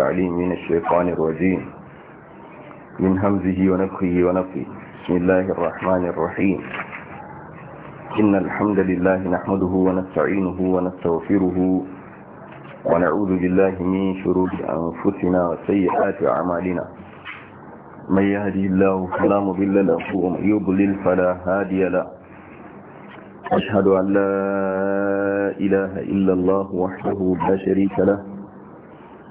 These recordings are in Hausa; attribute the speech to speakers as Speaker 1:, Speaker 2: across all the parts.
Speaker 1: العليم من الشيطان الرجيم من همزه ونفخه ونفخه بسم الله الرحمن الرحيم إن الحمد لله نحمده ونستعينه ونستغفره ونعوذ بالله من شرور أنفسنا وسيئات أعمالنا من يهدي الله فلا مضل له ومن يضلل فلا هادي له أشهد أن لا إله إلا الله وحده لا شريك له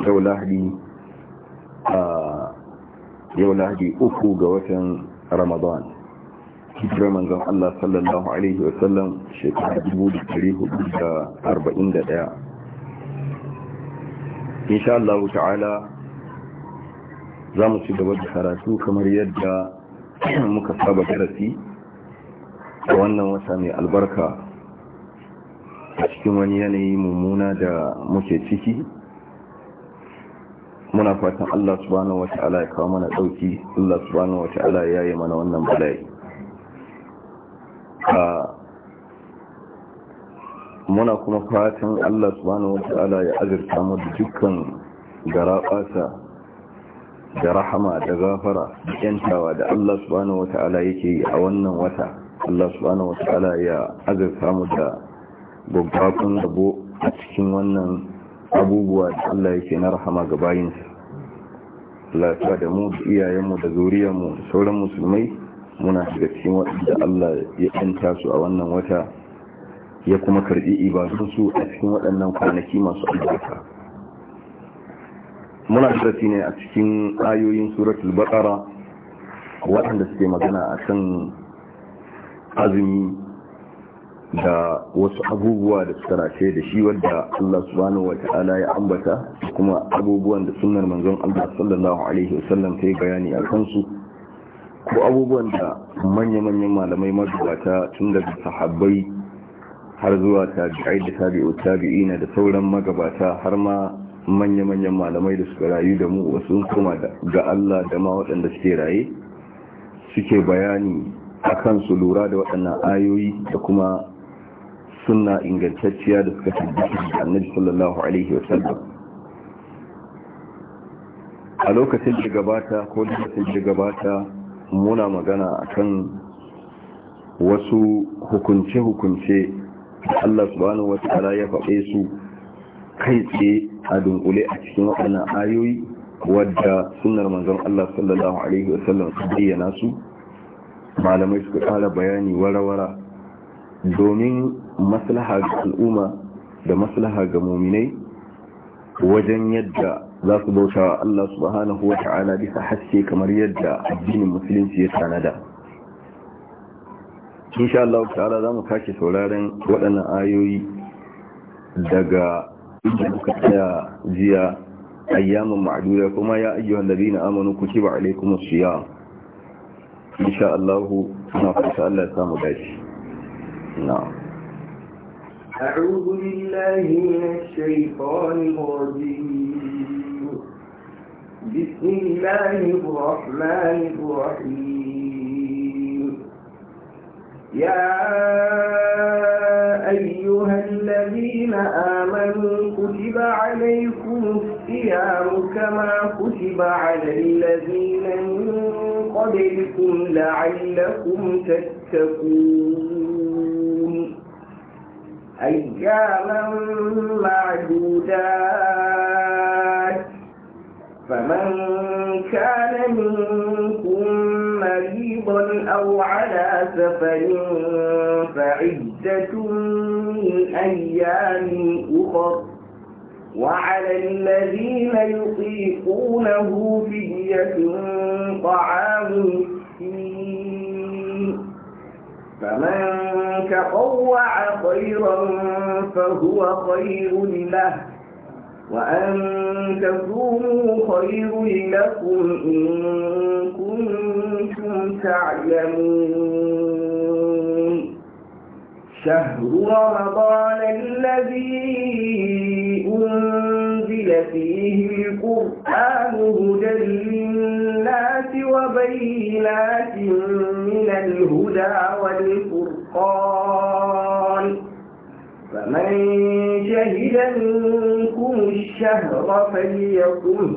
Speaker 1: yau lahadi uku ga watan ramadan hijirar manzan Allah sallallahu alaihi wasallam shekara 1441 insha Allah ta'ala za mu ci gaba da karatu kamar yadda muka saba darasi a wannan wata mai albarka a cikin wani yanayi mummuna da muke ciki muna fatan Allah subhanahu wata'ala ya kawo mana dauki Allah subhanahu wata'ala ya yi mana wannan bala'i muna kuma fatan Allah subhanahu wata'ala ya azurta mu da dukkan garabata da rahama da gafara da yantawa da Allah subhanahu wata'ala yake yi a wannan wata Allah subhanahu wata'ala ya azurta mu da gobakun rabo a cikin wannan abubuwa da Allah yake na rahama ga bayinsa lafiya da mu da iyayenmu da zuriyarmu da sauran musulmai muna shiga cikin waɗanda Allah ya ɗanta su a wannan wata ya kuma karɓi ibadunsu a cikin waɗannan kwanaki masu albarka muna shirati ne a cikin ayoyin suratul baqara waɗanda suke magana a kan azumi da wasu abubuwa da suka rashe da shi wadda Allah subhanahu wa ta'ala ya ambata kuma abubuwan da sunnar manzon Allah sallallahu alaihi wasallam ta yi bayani a kansu ko abubuwan da manya-manyan malamai magabata tun daga sahabbai har zuwa tabi'ai da tabi'u tabi'ina da sauran magabata har ma manya-manyan malamai da suka rayu da mu wasu kuma ga Allah da ma waɗanda suke raye suke bayani akan su lura da waɗannan ayoyi da kuma sunna ingantacciya da suka tabbata da annabi sallallahu alaihi wasallam a lokacin da gabata ko lokacin da gabata muna magana akan wasu hukunce-hukunce da Allah subhanahu wa ta'ala ya faɗe su kai tsaye a dunkule a cikin waɗannan ayoyi wadda sunnar manzon Allah sallallahu alaihi wasallam ta bayyana su malamai suka ƙara bayani wara-wara domin maslaha ga al'umma da maslaha ga muminai wajen yadda za su bauta wa Allah subhanahu wa ta'ala bisa haske kamar yadda addinin musulunci ya tanada insha Allah ta'ala za mu kake sauraren waɗannan ayoyi daga inda muka tsaya jiya ayyamin ma'aduda kuma ya ayyuhan ladina amanu kutiba alaikumus siyam insha Allah na fata Allah ya samu daji. نعم
Speaker 2: أعوذ بالله من الشيطان الرجيم بسم الله الرحمن الرحيم يا أيها الذين آمنوا كتب عليكم الصيام كما كتب على الذين من قبلكم لعلكم تتقون أياما معدودات فمن كان منكم مريضا أو على سفر فعدة من أيام أخر وعلى الذين يطيقونه فدية طعام مسكين فمن تطوع خيرا فهو خير له وأن تكونوا خير لكم إن كنتم تعلمون شهر رمضان الذي أنزل فيه القرآن هدى للناس وبينات من الهدى والفرقان فمن شهد منكم الشهر فليقل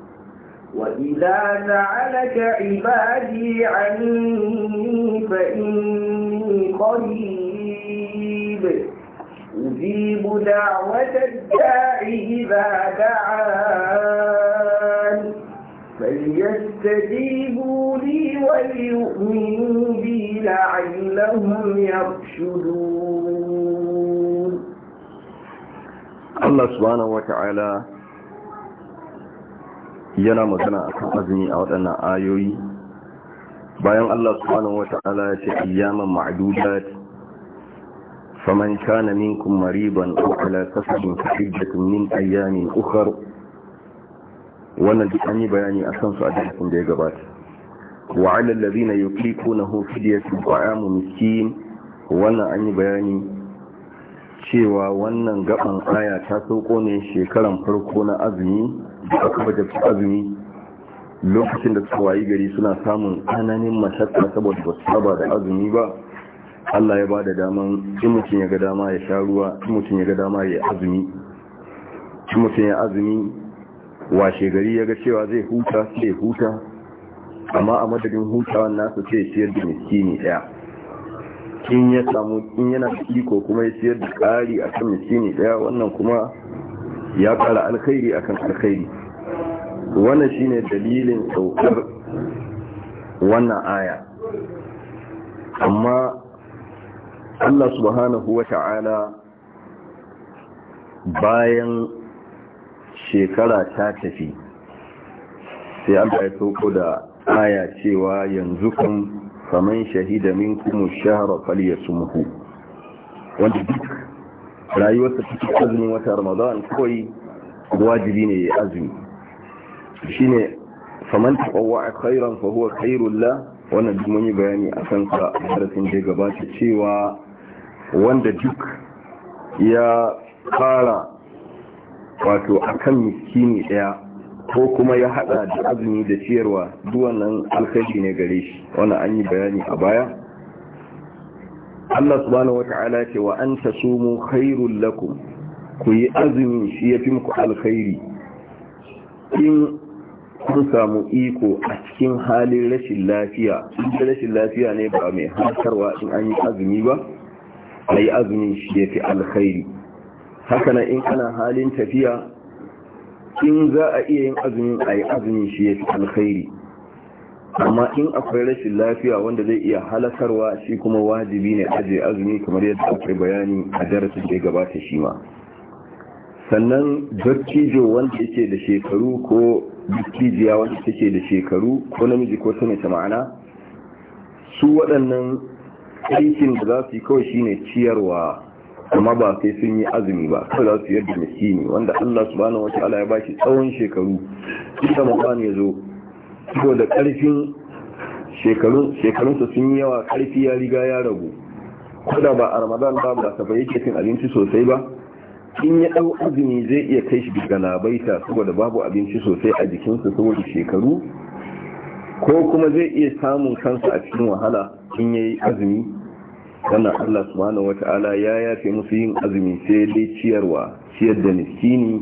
Speaker 2: وإذا سعلك عبادي عني فإني قريب أجيب دعوة الداع إذا دعان فليستجيبوا لي وليؤمنوا بي لعلهم يرشدون الله
Speaker 1: سبحانه وتعالى yana magana a kan azumi a waɗannan ayoyi bayan Allah subhanahu wata'ala ya ce ayyaman ma'dudat faman kana minkum mariban aw ala safarin fa iddatun min ayyamin ukhra wannan duk an yi bayani a kansu a dukkan da ya gabata wa ala alladhina yuqikunahu fidyatun ta'amu miskin wannan an yi bayani cewa wannan gaban aya ta sauko ne shekaran farko na azumi da aka wajabci azumi lokacin da suka wayi gari suna samun tsananin mashakka saboda ba su saba da azumi ba Allah ya ba da daman in mutum ya ga dama ya sha ruwa in mutum ya ga dama ya azumi in mutum ya azumi washe gari ya ga cewa zai huta sai huta amma a madadin hutawan nasu sai ya da miskini daya in ya samu in yana ko kuma ya ciyar da ƙari a kan miskini ɗaya wannan kuma ya kara alkhairi akan alkhairi wannan shine dalilin saukar wannan aya amma Allah subhanahu wata'ala bayan shekara ta tafi sai Allah ya sauko da aya cewa yanzu kun faman shahida minkum ash-shahra falyasumhu wanda duk rayuwarsa cikin azumin wata ramadan kawai wajibi ne ya azumi shine faman taqawwa khairan fa huwa khairul la wannan duk mun yi bayani akan sa darasin da gabata cewa wanda duk ya fara wato akan miskini daya ko kuma ya hada da azumi da ciyarwa duk wannan alkhairi ne gare shi wannan an yi bayani a baya Allah subhanahu wata'ala ce wa an tasumu khairul lakum ku yi azumi shi yafi muku alkhairi in kun samu iko a cikin halin rashin lafiya in rashin lafiya ne ba mai hankarwa in an yi azumi ba a yi azumi shi fi alkhairi haka na in kana halin tafiya in za a iya yin azumin a yi azumin shi fi alkhairi amma in akwai rashin lafiya wanda zai iya halakarwa shi kuma wajibi ne aje azumi kamar yadda akwai bayani a darasin da ya gabata shi ma sannan dattijo wanda yake da shekaru ko dattijiya wanda take da shekaru ko namiji ko ta ma'ana su waɗannan aikin da za su yi kawai shine ciyarwa amma ba sai sun yi azumi ba kawai za su yadda ne wanda Allah subhanahu wataala ya shi tsawon shekaru duk da ya zo saboda karfin shekarunsa sun yi yawa karfi ya riga ya ragu koda ba a ramadan ba ba saba yake cin abinci sosai ba in ya dau azumi zai iya kai shi daga labaita saboda babu abinci sosai a jikinsa saboda shekaru ko kuma zai iya samun kansa a cikin wahala in ya yi azumi dana Allah subhanahu wata'ala ya yafe musu yin azumi sai dai ciyarwa ciyar da miskini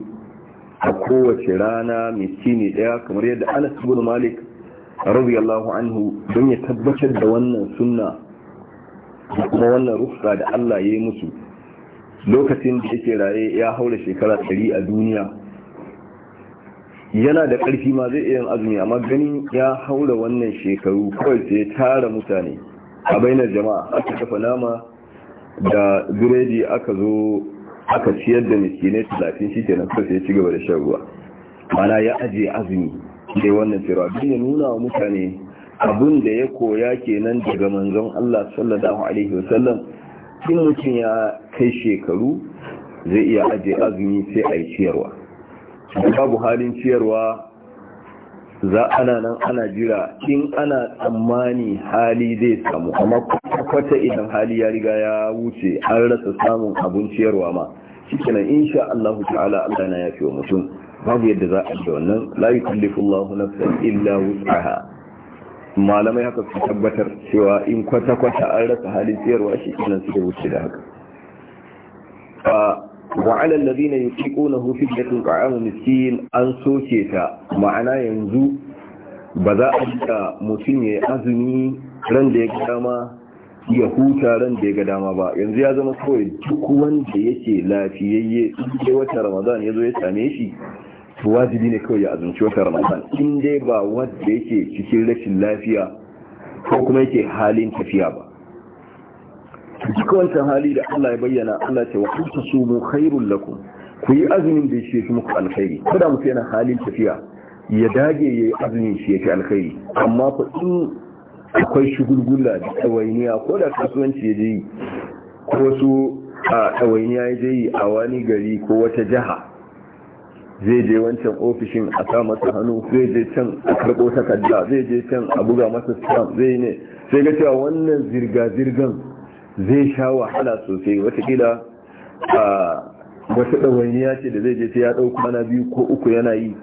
Speaker 1: a kowace rana mai ne ɗaya kamar yadda anas ibn malik
Speaker 2: radiyallahu
Speaker 1: anhu don ya tabbatar da wannan sunna da kuma wannan rufsa da Allah ya yi musu lokacin da yake raye ya haura shekara 100 a duniya yana da ƙarfi ma zai iya azumi amma ganin ya haura wannan shekaru kawai sai tara mutane a bainar jama'a aka kafa nama da biredi aka zo aka ciyar da miskinai talatin shi kenan sai ya ci gaba da shan ruwa mana ya aje azumi sai wannan cewa duk ya nuna wa mutane abun da ya koya kenan daga manzon Allah sallallahu alaihi wasallam in mutum ya kai shekaru zai iya aje azumi sai a yi ciyarwa babu halin ciyarwa za ana nan ana jira in ana tsammani hali zai samu amma kwata idan hali ya riga ya wuce an rasa samun abun ciyarwa ma shikenan insha Allah ta'ala Allah na yafi wa mutum babu yadda za a da wannan la yukallifu Allahu nafsan illa wus'aha malamai haka su tabbatar cewa in kwata kwata an rasa halin tsayarwa shi kenan su da wuce da haka wa ala alladhina yutiqunahu fidyatun ta'am miskin an soke ta ma'ana yanzu ba za a yi mutum ya azumi ran da ya kama ya huta ran da ya ga dama ba yanzu ya zama kawai duk wanda yake lafiyayye inda wata ramadan ya zo ya same shi to wajibi ne kawai ya azumci wata ramadan in dai ba wanda yake cikin rashin lafiya ko kuma yake halin tafiya ba duk wancan hali da Allah ya bayyana Allah ce wa kuntu sumu khairul lakum ku yi azumin da yake shi muku alkhairi kada mutum yana halin tafiya ya dage yayi azumin shi yake alkhairi amma fa in akwai shugulgula da ɗawainiya ko da kasuwanci ya yi ko wasu a ɗawainiya ya yi a wani gari ko wata jiha zai je wancan ofishin a sa masa hannu zai je can a karɓo takarda zai je can a buga masa stam zai ne sai ga cewa wannan zirga-zirgan zai sha wahala sosai watakila a wata ɗawainiya ce da zai je sai ya ɗau kwana biyu ko uku yana yi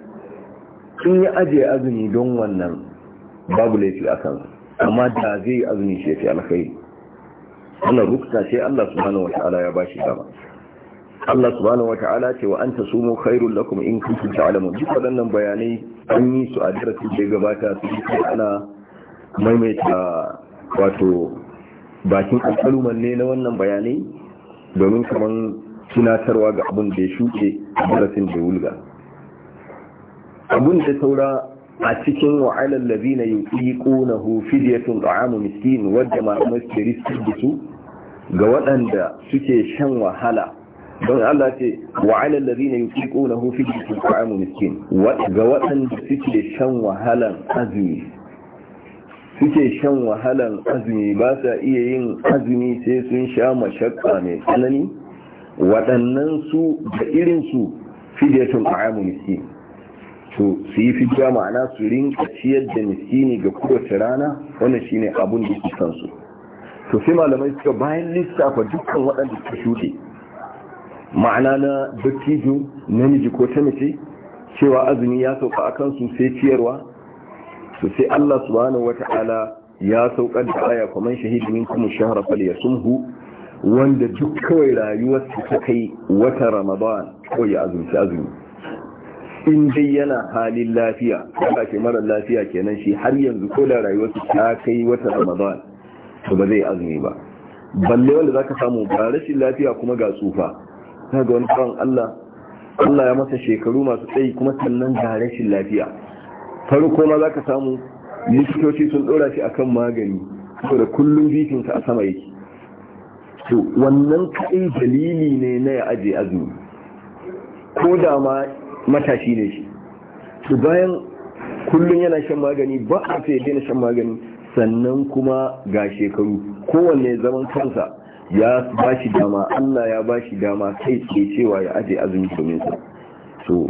Speaker 1: in ya ajiye azumi don wannan babu laifi a kansu amma da zai azumi shi fi alkhairi wannan rukta sai Allah subhanahu wata'ala ya bashi dama Allah subhanahu wata'ala ce wa anta sumu khairul lakum in kuntum ta'lamun duk wannan bayanai an yi su a darasin da gabata su ana maimaita wato bakin alƙaluman ne na wannan bayanai domin kamar tunatarwa ga abin da ya shuke a darasin da wulga abin da taura. a cikin wa'alar lazina yi ƙonahu fidiyatun ta'amu miskin wadda masu ke riskin da ga waɗanda suke shan wahala don Allah ce wa'alar lazina yi ƙonahu fidiyatun ta'amu miskin ga waɗanda suke shan wahalan azumi suke shan wahalan azumi ba sa iya yin azumi sai sun sha mashakka mai tsanani waɗannan su da irinsu fidiyatun ta'amu miskin su yi fijiya ma'ana su rinka ciyar da miskini ga kowace rana wannan shine abun da su san su to sai malamai suka bayan lissafa dukkan waɗanda suka shuɗe ma'ana na dattijo namiji ko ta mace cewa azumi ya sauka a kansu sai ciyarwa to sai Allah subhanahu wata'ala ya saukar da aya kuma shahidi min kuma shahara fal yasumhu wanda duk kawai rayuwar ta kai wata ramadan ko ya azumci azumi in dai yana halin lafiya haka kashe mara lafiya kenan shi har yanzu ko da rayuwar su ta kai wata ramadan to ba zai azumi ba balle wanda zaka samu ba rashin lafiya kuma ga tsufa kaga wani kan Allah Allah ya masa shekaru masu tsayi kuma sannan ga rashin lafiya farko ma zaka samu likitoci sun dora shi akan magani da kullum bitin ka a sama yake to wannan kai dalili ne na ya aje azumi ko da ma matashi ne shi to bayan kullum yana shan magani ba a fiye daina shan magani sannan kuma ga shekaru kowanne zaman kansa ya ba shi dama Allah ya ba shi dama kai ke cewa ya aje azumi domin sa to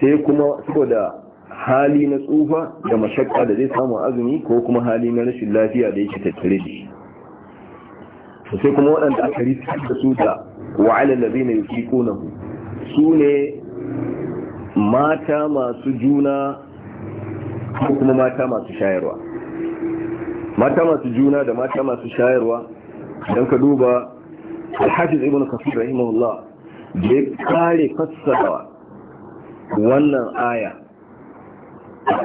Speaker 1: sai kuma saboda hali na tsufa da mashakka da zai samu azumi ko kuma hali na rashin lafiya da yake tattare da shi sai kuma waɗanda aka rikki da su da wa'ala da zai na yi su ne mata masu juna ko kuma mata masu shayarwa mata masu juna da mata masu shayarwa don ka duba alhafiz ibnu kafir rahimahullah da ya kare fassara wannan aya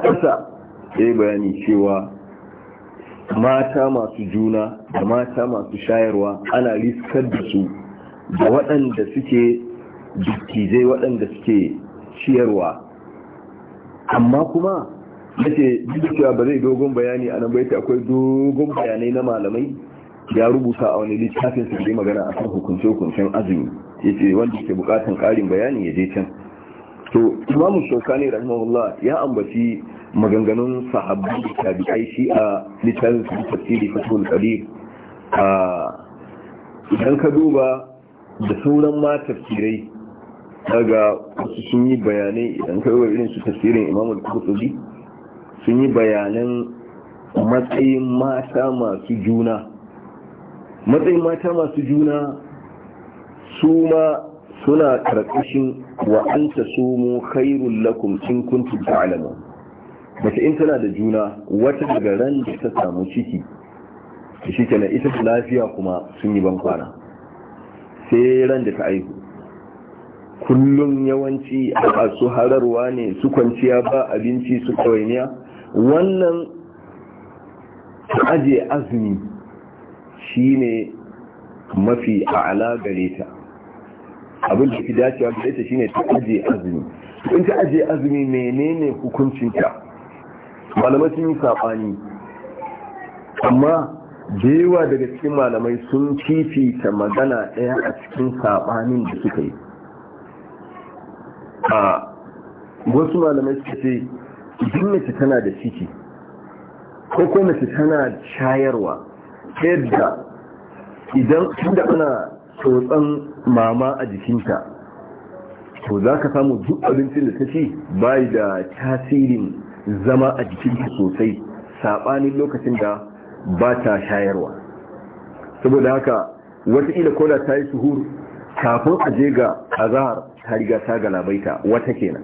Speaker 1: kasa. ƙasa ya bayani cewa mata masu juna da mata masu shayarwa ana riskar da su da waɗanda suke dukkizai waɗanda suke ciyarwa amma kuma yace duk cewa ba zai dogon bayani a nan baita akwai dogon bayanai na malamai ya rubuta a wani littafin su da magana a kan hukunce-hukuncen azumi yace wanda ke bukatan karin bayani ya je can to imamu shokani rahimahullah ya ambaci maganganun sahabbi da tabi'ai shi a littafin su tafsiri fatul qadir a idan ka duba da sauran ma tafsirai daga wasu sun yi bayanai idan kai irin su tasirin al kurtubi sun yi bayanan matsayin mata masu juna matsayin mata masu juna su ma suna karkashin wa an ta sumu khairul lakum in kuntum ta'lamun mace in tana da juna wata daga ran da ta samu ciki shi kenan ita lafiya kuma sun yi bankwana sai ran da ta aihu kullum yawanci a su hararwa ne su kwanciya ba abinci su kawainiya wannan aje azumi shi ne mafi a'ala gare ta abin da fi dacewa gare ta ne ta aje azumi in ta aje azumi menene hukuncinta malamai sun yi saɓani amma da daga cikin malamai sun fifita magana ɗaya a cikin saɓanin da suka yi a wasu malamai suka ce idan mace tana da ciki ko ko mace tana shayarwa yadda idan da ana tsotsan mama a jikinta to za ka samu duk abincin da ta ce bai da tasirin zama a jikinta sosai saɓanin lokacin da ba ta shayarwa saboda haka wataƙila koda ta yi suhur kafin a je ga azahar ta riga ta galabaita wata kenan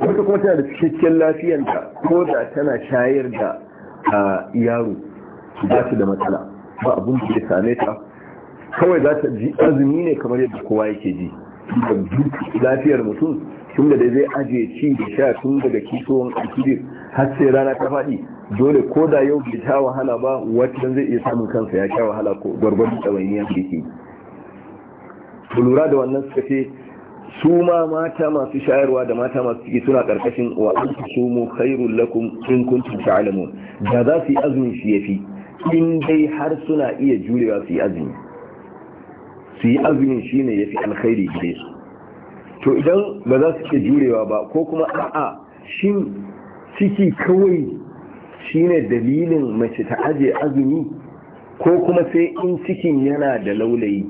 Speaker 1: wata kuma tana da cikakken lafiyanta ko da tana shayar da yaro ba su da matsala ba abin da ke same ta kawai za ta ji azumi ne kamar yadda kowa yake ji lafiyar mutum tun da zai ajiye ci da sha tun daga kisowar alkidir har sai rana ta faɗi dole ko da yau bai sha wahala ba wata zai iya samun kansa ya sha wahala ko gwargwadon tsawainiyar da yake ku lura da wannan suka ce su ma mata masu shayarwa da mata masu ciki suna karkashin wa an mu khairul lakum in kuntum ta'lamun da za su yi azumi su yafi in dai har suna iya jurewa su yi azumi su yi azumi shine yafi alkhairi gare su to idan ba za su iya jurewa ba ko kuma a'a shin ciki kawai shine dalilin mace ta aje azumi ko kuma sai in cikin yana da laulayi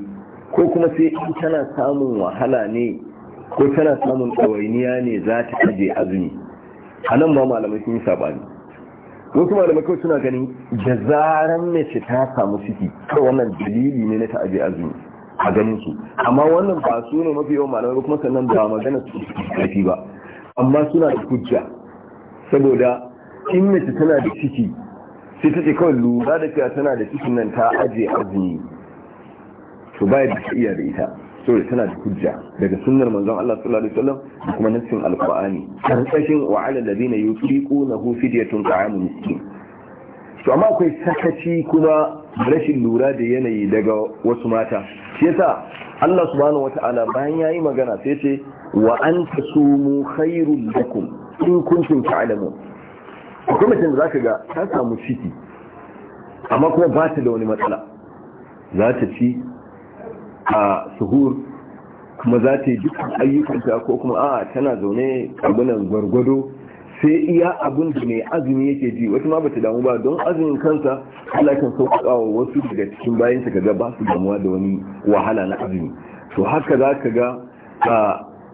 Speaker 1: ko kuma sai in tana samun wahala ne ko tana samun ɗawainiya ne za ta aje azumi a nan ma malamai sun yi saɓani wasu malamai kawai suna ganin da zaran mace ta samu ciki kawai wannan dalili ne na ta aje azumi a ganin su amma wannan ba su ne mafi yawan malamai kuma sannan ba magana su ƙarfi ba amma suna da hujja saboda in mace tana da ciki sai ta ce kawai lura da cewa tana da cikin nan ta aje azumi to baya da iya da ita da tana da hujja daga sunnar manzon Allah sallallahu alaihi wasallam da kuma nassin alqur'ani karkashin wa ala alladhina hu fidyatun ta'amu miskin to amma akwai sakaci kuma rashin lura da yanayi daga wasu mata shi yasa Allah subhanahu wata'ala bayan yayi magana sai ce wa sumu sumu khairul lakum in kuntum ta'lamun akwai tun da zaka ga ta samu ciki amma kuma ba ta da wani matsala za ta ci a suhur kuma za ta yi dukkan ayyukanta ko kuma a tana zaune abunan gwargwado sai iya abin da mai azumi yake ji wata ma bata damu ba don azumin kansa Allah kan sauƙaƙa wa wasu daga cikin bayan ka ga ba su damuwa da wani wahala na azumi to haka za ka ga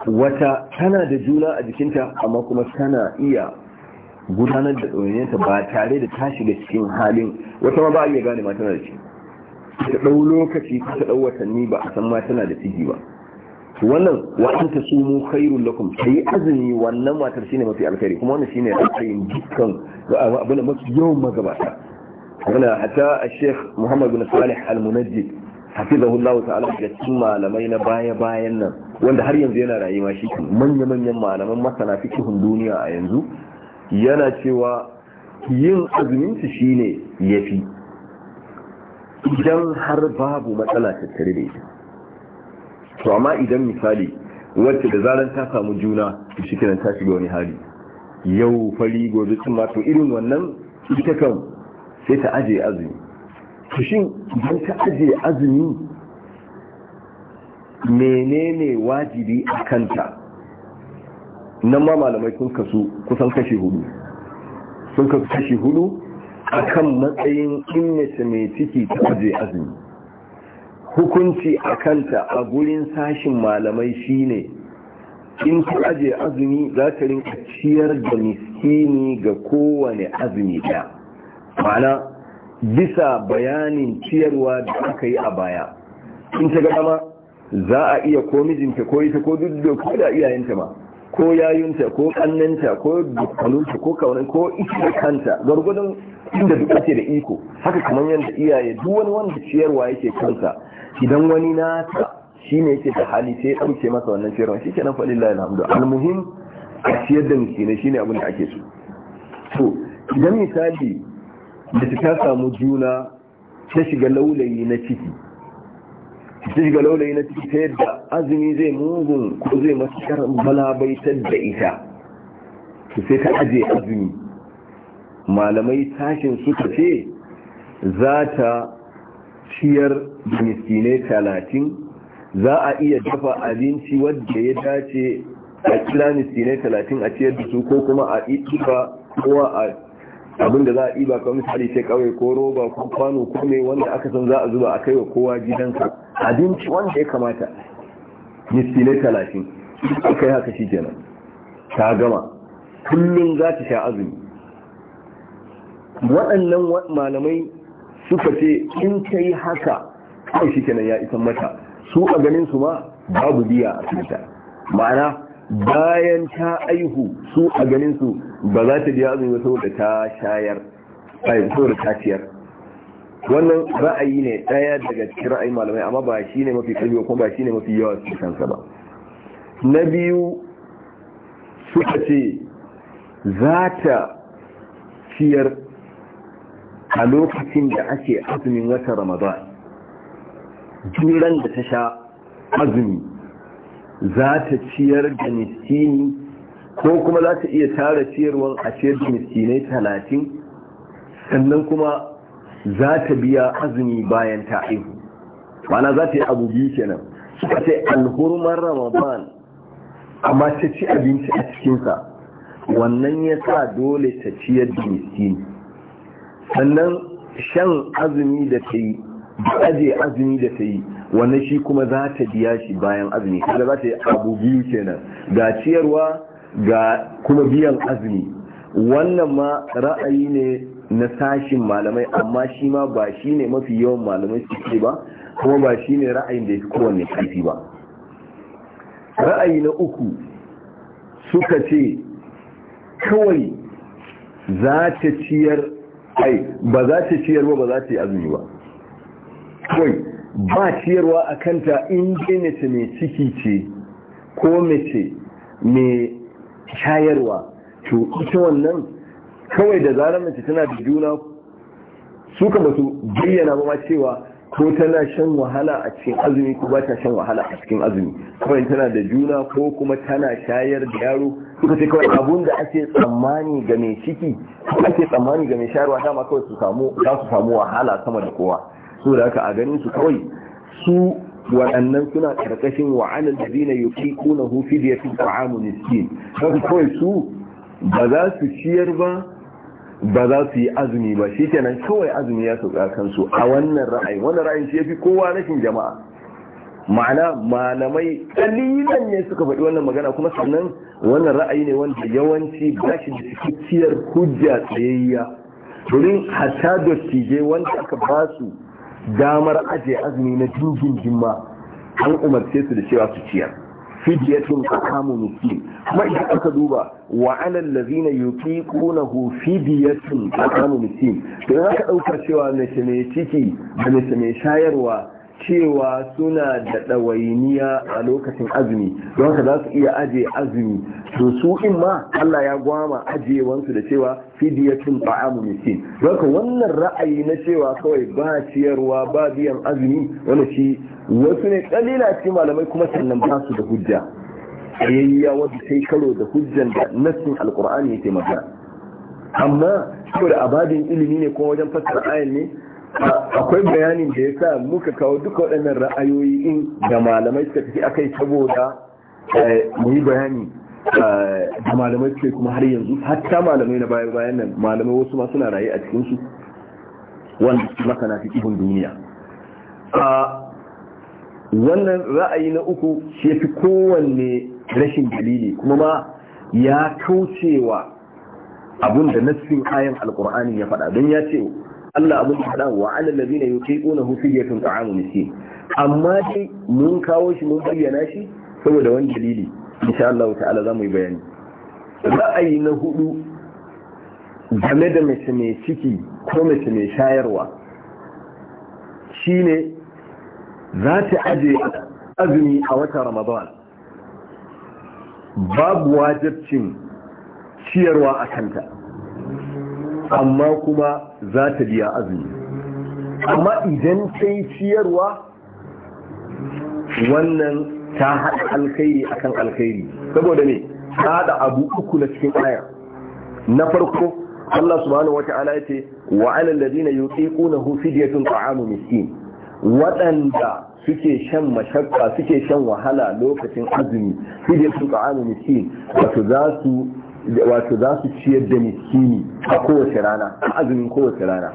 Speaker 1: wata tana da juna a jikinta amma kuma tana iya gudanar da ɗoyinta ba tare da ta shiga cikin halin wata ma ba a iya gane ma tana da cikin ta ɗau lokaci ko ta ɗau watanni ba a san ma tana da ciki ba wannan wa an ta sumu khairul lakum sai azumi wannan matar shine mafi alkhairi kuma wannan shine ra'ayin dukkan abin da mafi yawan magabata wannan hatta Sheikh Muhammad bin Salih Al-Munajjid Allah ta'ala ga cikin malamai na baya bayan nan wanda har yanzu yana rayuwa shi manya manyan malaman masana fikihun duniya a yanzu yana cewa yin azumin shi shine yafi idan har babu matsala tattare da ita to amma idan misali wacce da zaran ta samu juna shi kenan ta shiga wani hali yau fari gobe sun to irin wannan ita kan sai ta ajiye azumi to shin idan ta ajiye azumi menene wajibi a kanta nan ma malamai sun kasu kusan kashi hudu sun kasu kashi hudu akan matsayin in mai ciki ta aje azumi hukunci a kanta a gurin sashin malamai shine in ta aje azumi za ta rinka ciyar da miskini ga kowane azumi ɗaya mana bisa bayanin ciyarwa da aka yi a baya in ta gama za a iya ko mijinta ko ita ko duk da kuma da iyayenta ma ko yayunta ko kannanta ko dukkaninta ko kaunin ko ita kanta gwargwadon inda duk ake da iko haka kamar yadda iyaye duk wani wanda ciyarwa yake kansa idan wani nata shi ne yake da hali sai ya ɗauke masa wannan ciyarwa shi nan faɗin layin hamdu almuhim a ciyar da ne shi ne abin da ake so to idan misali da ta samu juna ta shiga laulayi na ciki sai ga laulayi na ciki ta yadda azumi zai mugun ko zai matukar balabaitar da ita sai ta aje azumi malamai tashin su suka ce za ta ciyar da miskinai talatin za a iya dafa abinci wadda ya dace a kira miskinai talatin a ciyar da su ko kuma a ɗiɗɗiba kowa a abin da za a ɗiba kawai misali sai kawai ko roba ko kwano ko mai wanda aka san za a zuba a kai wa kowa gidansa abinci wanda ya kamata miski na talatin kai haka shi kenan ta gama kullum za ta sha azumi waɗannan malamai suka ce in ta yi haka kawai shi kenan ya isan mata su a ganin su ma babu biya a cikinta ma'ana bayan ta aihu su a ganin su ba za ta biya azumi saboda ta shayar ai saboda ta ciyar wannan ra'ayi ne daya daga cikin ra'ayi malamai amma ba ne mafi ƙarfi kuma ba ne mafi yawa su kansa ba na biyu suka ce za ta ciyar a lokacin da ake azumin wata ramadan jiran da ta sha azumi za ta ciyar da miskini ko kuma za ta iya tara ciyarwar a ciyar da miskinai talatin sannan kuma za ta biya azumi bayan ta aihu mana za ta yi abu biyu kenan suka ce alhurmar ramadan amma ta ci abinci a cikinsa wannan ya sa dole ta ciyar da miskini sannan shan azumi da ta yi da aje azumi da ta yi wannan shi kuma za ta biya shi bayan azumi kada za ta yi abu biyu kenan ga ciyarwa ga kuma biyan azumi wannan ma ra'ayi ne na sashin malamai amma shi ma ba shi ne mafi yawan malamai suke ba kuma ba shi ne ra'ayin da ya fi kowanne ba ra'ayi na uku suka ce kawai za ta ciyar ai ba za ta ciyar ba ba za ta yi azumi ba kawai ba ciyarwa a kanta in mace mai ciki ce ko mace mai shayarwa to ita wannan kawai da zarar mace tana da juna su ka basu bayyana ba ma cewa ko tana shan wahala a cikin azumi ko ba ta shan wahala a cikin azumi kawai tana da juna ko kuma tana shayar da yaro suka ce kawai abun da ake tsammani ga mai ciki ko ake tsammani ga mai shayarwa dama kawai su samu za su samu wahala sama da kowa so da haka a ganin su kawai su waɗannan suna ƙarƙashin wa alal hufi da fidyatun ta'amu miskin haka kawai su ba za su ciyar ba ba za su yi azumi ba shi kenan kawai azumi ya sauka kansu a wannan ra'ayi wannan ra'ayin shi yafi kowa rashin jama'a ma'ana malamai kalilan ne suka faɗi wannan magana kuma sannan wannan ra'ayi ne wanda yawanci ba shi da cikakkiyar hujja tsayayya domin hatta dattijai wanda aka ba su damar aje azumi na dubin jimma an umarce su da cewa su ciyar fidyatun ta'amu miskin kuma idan aka duba wa alal ladina yutiqunahu fidyatun ta'amu miskin to za aka dauka cewa mace mai ciki da mace mai shayarwa cewa suna da ɗawainiya a lokacin azumi don haka za su iya aje azumi to su in ma Allah ya gwama ajewansu da cewa fidiyatun ta'amu miskin don haka wannan ra'ayi na cewa kawai ba ciyarwa ba biyan azumi wani shi wasu ne kalila cikin malamai kuma sannan ba su da hujja ayayya wanda sai karo da hujjan da nassin alkur'ani ya taimaka. amma saboda abadin ilimi ne kuma wajen fassara ayin ne akwai bayanin da ya sa muka kawo duka waɗannan ra'ayoyi in da malamai suka tafi akai saboda eh, mu yi bayani eh, da malamai suka kuma har yanzu hatta malamai na bayan bayan nan malamai wasu ma suna raye a cikin su wanda su masana fi ihun duniya ah, wannan ra'ayi na uku shi fi kowanne rashin dalili kuma ma ya kaucewa abun da nassin ayan alkur'ani ya faɗa don ya ce Allah abin da faɗa wa alal ladina ya fidyatun ta'amu miskin amma dai mun kawo shi mun bayyana shi saboda wani dalili insha Allah ta'ala za mu yi bayani ra'ayi na hudu game da mace mai ciki ko mace mai shayarwa shine za ta aje azumi a watan Ramadan babu wajibcin ciyarwa a kanta amma kuma za ta biya azumi amma idan sai ciyarwa wannan ta haɗa alkhairi akan alkhairi saboda ne ta haɗa abu uku na cikin aya na farko Allah subhanahu wata'ala ya ce wa alal ladina yutiqunahu fidyatun ta'amu miskin waɗanda suke shan mashakka suke shan wahala lokacin azumi fidyatun ta'amu miskin wato za su wato za su ciyar da miskini a kowace rana a azumin kowace rana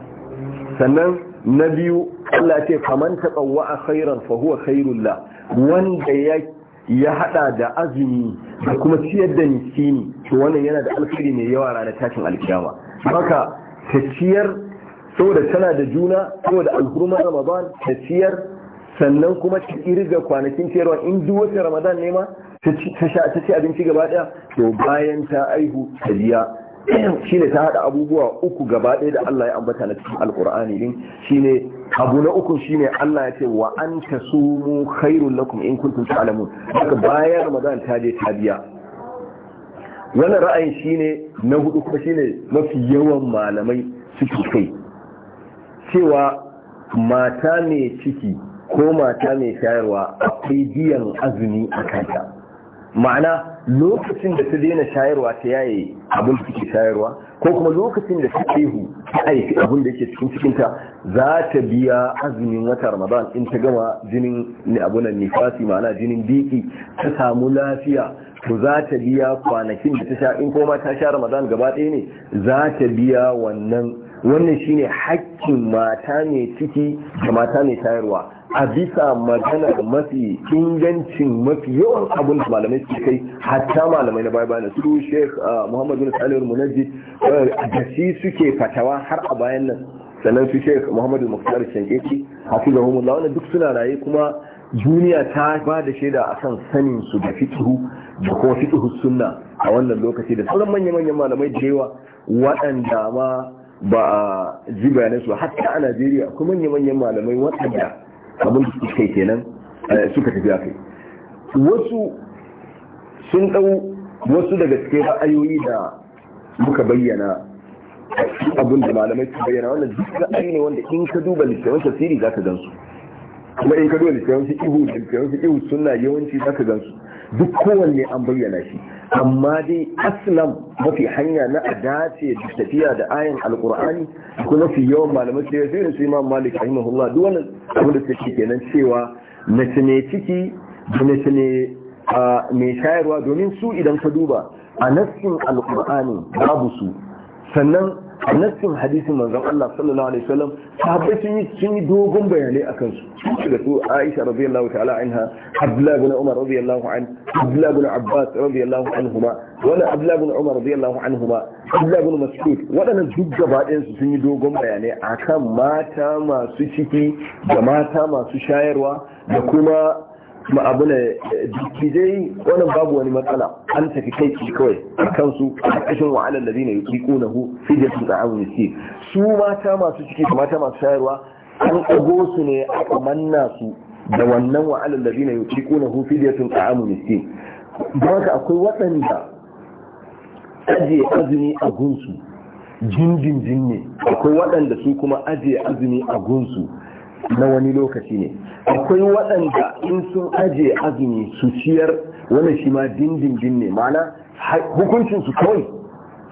Speaker 1: sannan na biyu Allah ce faman taɓawa a khairan fa huwa khairullah wanda ya ya hada da azumi da kuma ciyar da miskini to wannan yana da alkhairi mai yawa ranar tashin alkiyama haka ta ciyar saboda tana da juna saboda alhurma ramadan ta ciyar sannan kuma ta ga kwanakin ciyarwa in duk wata ramadan ne ma ta ci abinci gaba daya to bayan ta aihu ta biya. shine ta hada abubuwa uku gaba daya da Allah ya ambata na cikin alkur'ani din shine abu na uku shine Allah ya ce wa an tasumu khairul lakum in kuntum ta'lamun haka bayan ramadan ta je ta biya wannan ra'ayin shine na hudu kuma shine mafi yawan malamai suke kai cewa mata mai ciki ko mata mai shayarwa akwai biyan azumi a kanta ma'ana lokacin da ta daina shayarwa ta yaye abin da take shayarwa ko kuma lokacin da ta haihu ta aiki abin da yake cikin cikinta za ta biya azumin wata ramadan in ta gama jinin abun nan nifasi ma'ana jinin biki ta samu lafiya to za ta biya kwanakin da ta sha in koma ta sha ramadan gaba ɗaya ne za ta biya wannan wannan shine hakkin mata mai ciki da mata mai shayarwa a bisa magana mafi ingancin mafi yawan abin da malamai su kai hatta malamai na baya su sheikh ah, muhammadu na salihul munaji ah, da shi suke fatawa har a bayan nan sannan su sheikh muhammadu muktar shankeki hafizahumullah wannan duk suna raye kuma duniya ta ba da shaida a kan sanin su da fituhu da kuma fituhu sunna a wannan lokaci da sauran manya-manyan malamai da yawa waɗanda ma ba a ji bayanansu hatta a najeriya kuma manya-manyan malamai waɗanda abin da suka kai kenan eh, suka tafi kai wasu sun dau wasu daga cikin ra'ayoyi da muka bayyana abin da malamai su bayyana wannan duk ra'ayi ne wanda in ka duba littafin tafsiri za ka gansu kuma in ka duba littafin fiqhu littafin ihu sunna yawanci za ka gansu duk kowanne an bayyana shi amma dai aslam mafi hanya na a dace da tafiya da ayan alkur'ani kuma mafi yawan malamai da sai da su imam malik rahimahullah duk wannan abin da suke kenan cewa mace ne ciki da mace ne mai shayarwa domin su idan ka duba a nassin alkur'ani babu su sannan a nassin hadisin manzon Allah sallallahu alaihi wasallam sahabbai sun yi sun yi dogon bayanai akan su daga su Aisha radiyallahu ta'ala anha Abdullah ibn Umar radiyallahu an Abdullah ibn Abbas radiyallahu anhuma wala Abdullah ibn Umar radiyallahu anhuma Abdullah ibn Mas'ud wadannan duk gabaɗayan su sun yi dogon bayanai akan mata masu ciki da mata masu shayarwa da kuma kuma abu ne dai wannan babu wani matsala an tafi kai ki kawai a kansu a ƙarƙashin wa'alan da zina yi ƙuna hu fi da su tsa'an miski su mata masu ciki da mata masu shayarwa an ɗago su ne a kamanna su da wannan wa'alan da zina yi ƙuna hu fi da su tsa'an miski don haka akwai waɗanda ajiye azumi a gunsu jinjin jinne akwai waɗanda su kuma ajiye azumi a gunsu na wani lokaci ne akwai waɗanda in sun aje azumi su ciyar wani shi ma dindindin ne ma'ana hukuncinsu su kawai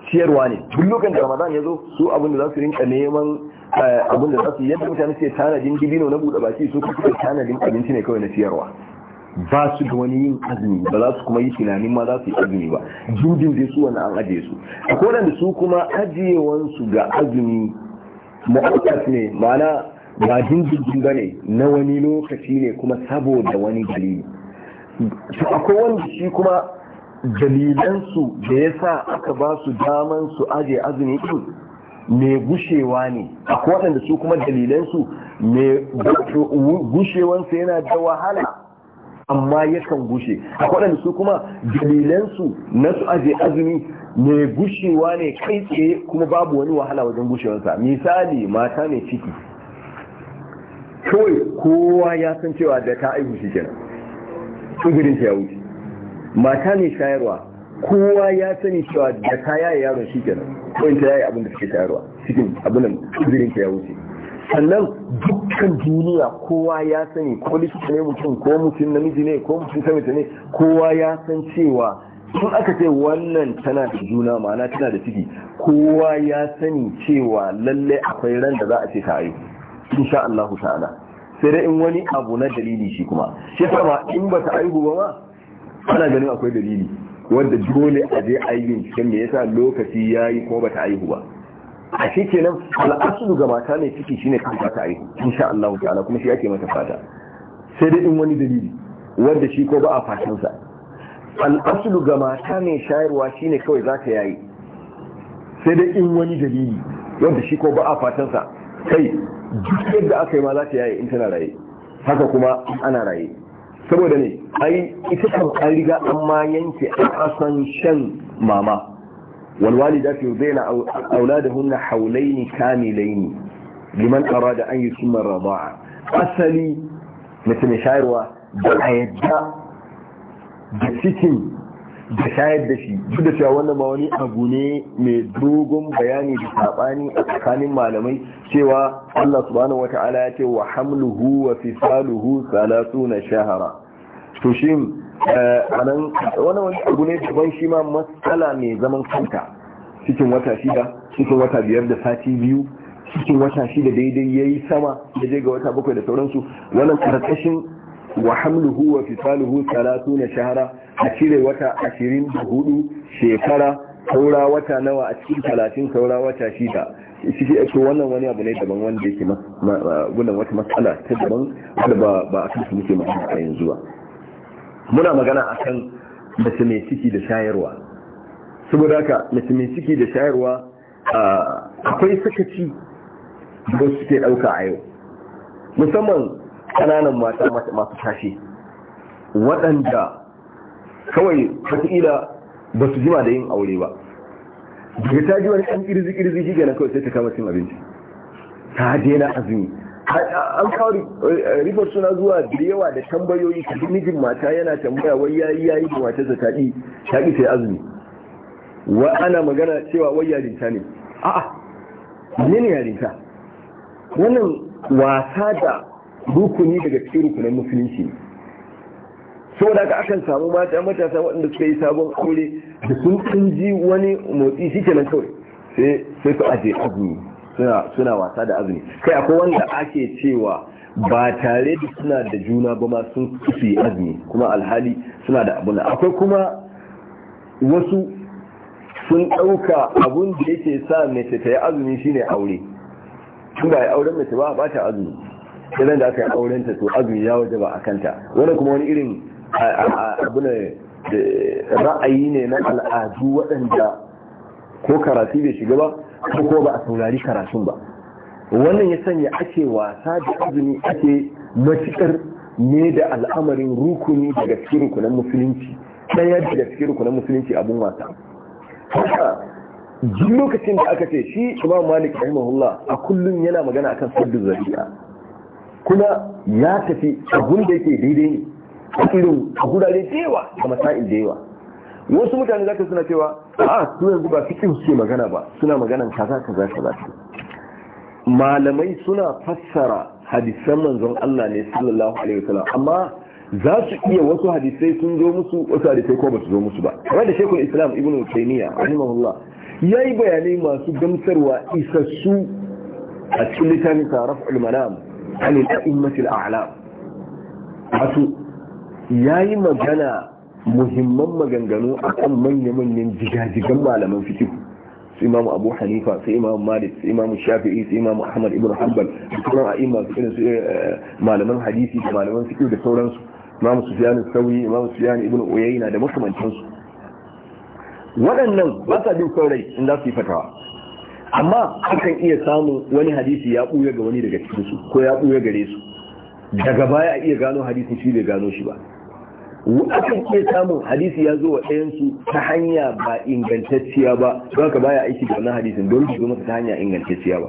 Speaker 1: ciyarwa ne duk lokacin da ramadan ya zo su abin da za su rinka neman eh, abin da za su yadda mutane suke tanadin dibino na buɗe baki su tanadin abinci ne kawai na ciyarwa ba su da wani yin azumi ba za su kuma yi tunanin ma za su yi azumi ba dindindin su wani an ajiye su akwai waɗanda su kuma ajiyewansu ga azumi mu'akkas ne ma'ana ba jinjin bane na wani lokaci ne kuma saboda wani dalili su akwai wanda shi kuma dalilansu da ya sa aka ba su daman su aje azumi din mai gushewa ne akwai waɗanda su kuma dalilansu mai gushewansu yana da wahala amma yakan gushe akwai waɗanda su kuma dalilansu na su aje azumi mai gushewa ne kai tsaye kuma babu wani wahala wajen bushewansa. misali mata ne ciki kawai kowa ya san cewa da ta aihu shi kenan tsugurin ta ya wuce mata ne shayarwa kowa ya sani cewa da ta yaye yaron shi kenan kawai ta yaye abin da suke shayarwa cikin abin da tsugurin ta ya wuce sannan dukkan duniya kowa ya sani ko likita ne mutum ko mutum namiji ne ko mutum ta ne kowa ya san cewa tun aka ce wannan tana da juna ma'ana tana da ciki kowa ya sani cewa lalle akwai ran da za a ce ta aihu insha Allah ta'ala sai dai in wani abu na dalili shi kuma shi kuma in ba ta aihu ba ma ana ganin akwai dalili wanda dole a je aibin cikin me yasa lokaci yayi ko ba ta aihu ba a shi kenan al'asulu ga mata ne ciki shine kan ta aihu insha Allah ta'ala kuma shi ake mata fata sai dai in wani dalili wanda shi ko ba a fashin sa al'asulu ga mata ne shayarwa shine kawai za ta yayi sai dai in wani dalili wanda shi ko ba a fatan sa kai duk yadda aka yi ma za ta yaye in tana raye haka kuma ana raye saboda ne ai ita kan an riga an ma yanke asan shan mama walwalida hunna haulai auladahunna haulaini kamilaini liman arada an yi summa raba'a asali mace mai shayarwa da a yadda da cikin da shayar da shi duk da cewa wannan ma wani abu ne mai dogon bayani da sabani a tsakanin malamai cewa Allah subhanahu wata'ala ya ce wa hamluhu wa fisaluhu salasuna shahara to shi eh, anan wannan wani abu ne da ban shi ma matsala mai zaman kanta cikin wata shida cikin wata biyar da sati biyu cikin wata shida daidai yayi sama ya je ga wata bakwai da sauransu wannan karkashin wa hamluhu wa fitaluhu 30 shahara a cire wata 24 shekara saura wata nawa a cikin 30 saura wata shida shi ake wannan wani abu ne daban wanda yake wannan wata matsala ta daban wanda ba a kansu muke magana a yanzu ba muna magana akan mace mai ciki da shayarwa saboda haka mace mai ciki da shayarwa akwai sakaci da suke ɗauka a yau musamman Kananan mata masu tashi waɗanda kawai wataƙila ba su jima da yin aure ba daga ta ji wani ɗan ƙirzi ƙirzi shi gana kawai sai ta kama cin abinci ta daina azumi an kawo rifar eh, suna zuwa da yawa da tambayoyi ta mijin mata yana tambaya wai yayi yayi da mata ta ɗi ta ƙi sai azumi wa ana magana cewa wai yarinta ne a'a ne ne yarinta wannan wasa da rukuni daga cikin rukunan musulunci saboda haka akan samu mata matasa waɗanda suka yi sabon aure da sun tunji wani motsi shi nan kawai sai su aje azumi suna wasa da azumi kai akwai wanda ake cewa ba tare da suna da juna ba ma sun kusi azumi kuma alhali suna da abuna akwai kuma wasu sun ɗauka abun da yake sa mace ta yi azumi shine aure tun ba ya auren mace ba ba ta azumi Idan da aka yi auren ta to azumi ya waje ba a kanta Wannan kuma wani irin abu ne ra'ayi ne na al'adu waɗanda ko karatu bai shiga ba ko ko ba a saurari karatun ba wannan ya sanya ake wasa da azumi ake matuƙar ne da al'amarin rukuni daga cikin rukunan musulunci ɗaya daga cikin rukunan musulunci abun wasa duk lokacin da aka ce shi imam malik rahimahullah a kullum yana magana akan sabbin zariya kuma ya tafi abun da yake daidai ne a irin a gurare da yawa da da yawa wasu mutane zaka suna cewa a su yanzu ba fikin suke magana ba suna maganan kaza kaza kaza malamai suna fassara hadisan manzon Allah ne sallallahu alaihi wasallam amma za su iya wasu hadisai sun zo musu wasu hadisai ko ba su zo musu ba kamar da shekul islam ibn taymiya rahimahullah yi bayanai masu gamsarwa isassu a cikin littafin Saraf ulmanam an al'immatul a'lam wato yayi magana muhimman maganganu akan manya-manyan jigajigan malaman fikihu su imamu abu hanifa su imamu malik su imamu shafi'i su imamu ahmad ibn hanbal da sauran a'imma su irin su malaman hadisi da malaman fikihu da sauransu imamu sufyan sauri imamu sufyan ibn uyayna da makamantansu waɗannan ba sa bin saurayi in za su yi fatawa amma akan iya samun wani hadisi ya ɓuya ga wani daga cikinsu ko ya ɓuya gare su daga baya a iya gano hadisi shi bai gano shi ba akan iya samu hadisi ya zo wa ɗayansu ta hanya ba ingantacciya ba don ka baya aiki da wannan hadisin don su zo masa ta hanya ingantacciya ba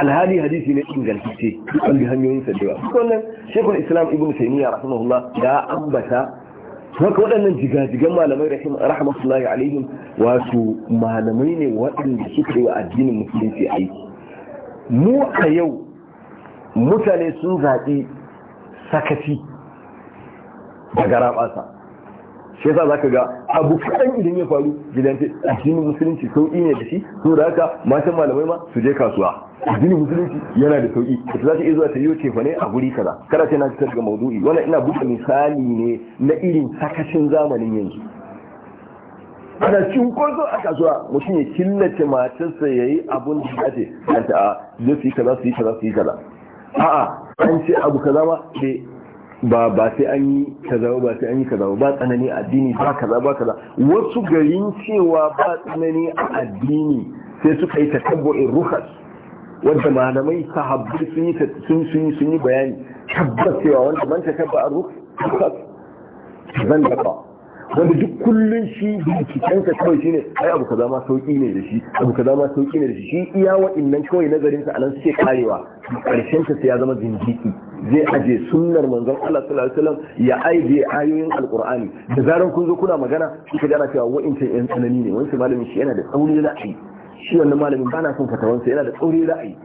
Speaker 1: alhali hadisi ne ingantacce duk an bi hanyoyin sa da yawa wannan islam ibn taymiya rahimahullah ya ambata haka waɗannan jigajigan malamai rahim rahmatullahi alaihim wato malamai ne waɗanda suka yi wa addinin musulunci aiki mu a yau mutane sun zaɓi sakaci da garaɓasa shi yasa zaka ga abu kaɗan idan ya faru gidan addinin musulunci sauƙi ne da shi so da haka matan malamai ma su je kasuwa addinin musulunci yana da sauƙi ita za ta iya zuwa ta yi fa ne a guri kaza kada ce na fitar daga maudu'i wannan ina buɗe misali ne na irin sakacin zamanin yanzu ana cinkoso a kasuwa mutum ya killace matarsa ya yi abun da ya ce a zai su yi kaza su yi kaza su yi kaza a'a an ce abu kaza ma eh, ba ba sai an yi kaza ba sai an yi kaza ba tsanani a addini ba kaza ba kaza wasu garin cewa ba tsanani a addini sai suka yi takabbu'in ruhas wadda malamai sahabbi sun yi sun sun sun yi bayani tabbas cewa wanda man a ruhas zan daba wanda duk kullun shi bincikensa kawai shine ai abu kaza ma sauki ne da shi abu kaza ma sauki ne da shi shi iya wa'annan kawai nazarin sa anan suke karewa karshen ta sai ya zama zindiki zai aje sunnar manzon Allah sallallahu alaihi wasallam ya aije ayoyin alqur'ani da zaran kun zo kuna magana kika gana cewa wa'ancan yan tsanani ne wancan malamin shi yana da tsauri ra'ayi shi wannan malamin bana son fatawansa yana da tsauri ra'ayi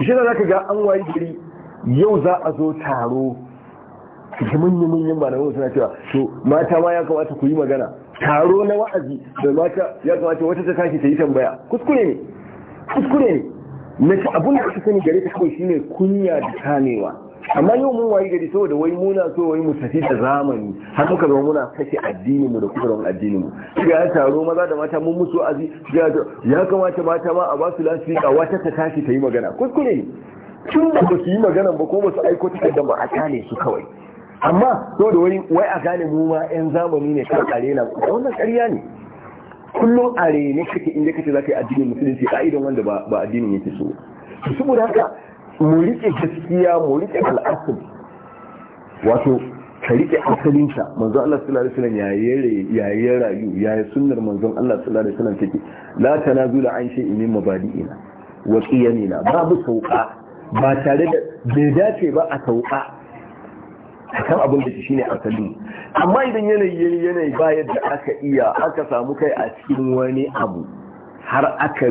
Speaker 1: shi ne zaka ga an wayi gari yau za a zo taro da manyan manyan wasu suna cewa to mata ma ya kamata ku yi magana taro na wa'azi da mata ya kamata wata ta tashi ta yi tambaya kuskure ne kuskure ne na ci abun da aka sani gare ta kawai shine kunya da kamewa amma yau mun wayi gari saboda wai muna so wai mu tafi da zamani har muka zama muna kashe addini mu da kufurin addini mu ga ya taro maza da mata mun musu azi ya kamata mata ma a ba su a wata ta tashi ta yi magana kuskure ne tun da ba su yi magana ba ko ba su aiko takardar ba a kyale su kawai amma so da wai wai a gane mu ma yan zamani ne kan na wannan ƙarya ne kullum arena kake inda kake zaka yi addinin musulunci idan wanda ba addinin yake so saboda haka mu rike gaskiya mu rike al'asul wato ka rike asalinsa manzon Allah sallallahu alaihi wasallam yayi yayi rayu yayi sunnar manzon Allah sallallahu alaihi wasallam take la tanazula an shay'in min mabadi'ina wa qiyamina babu sauka ba tare da bai dace ba a sauka akan abin da shi ne asali amma idan yanayi yanayi ba yadda aka iya aka samu kai a cikin wani abu har aka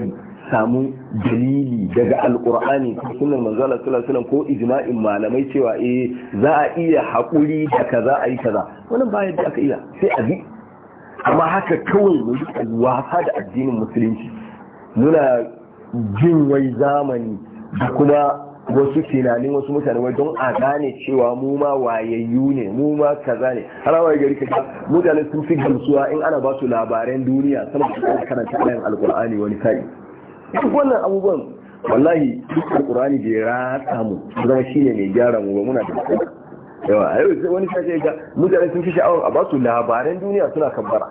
Speaker 1: samu dalili daga alkur'ani ko sunan manzo Allah ko ijma'in malamai cewa eh za a iya haƙuri da kaza yi kaza Wani ba yadda aka iya sai a bi amma haka kawai wani wasa da addinin musulunci muna jin wai zamani da kuma wasu tunanin wasu mutane wai don a gane cewa mu ma wayayyu ne mu ma kaza ne har wai gari kaza mutane sun fi gamsuwa in ana ba su labaran duniya sama da karanta ayan alqur'ani wani sa'i. duk wannan abubuwan wallahi duk alqur'ani da ya ratsa mu zama shine mai gyara mu ba muna da yawa ayo wani sai ga mutane sun fi sha'awar a ba su labaran duniya suna kabbara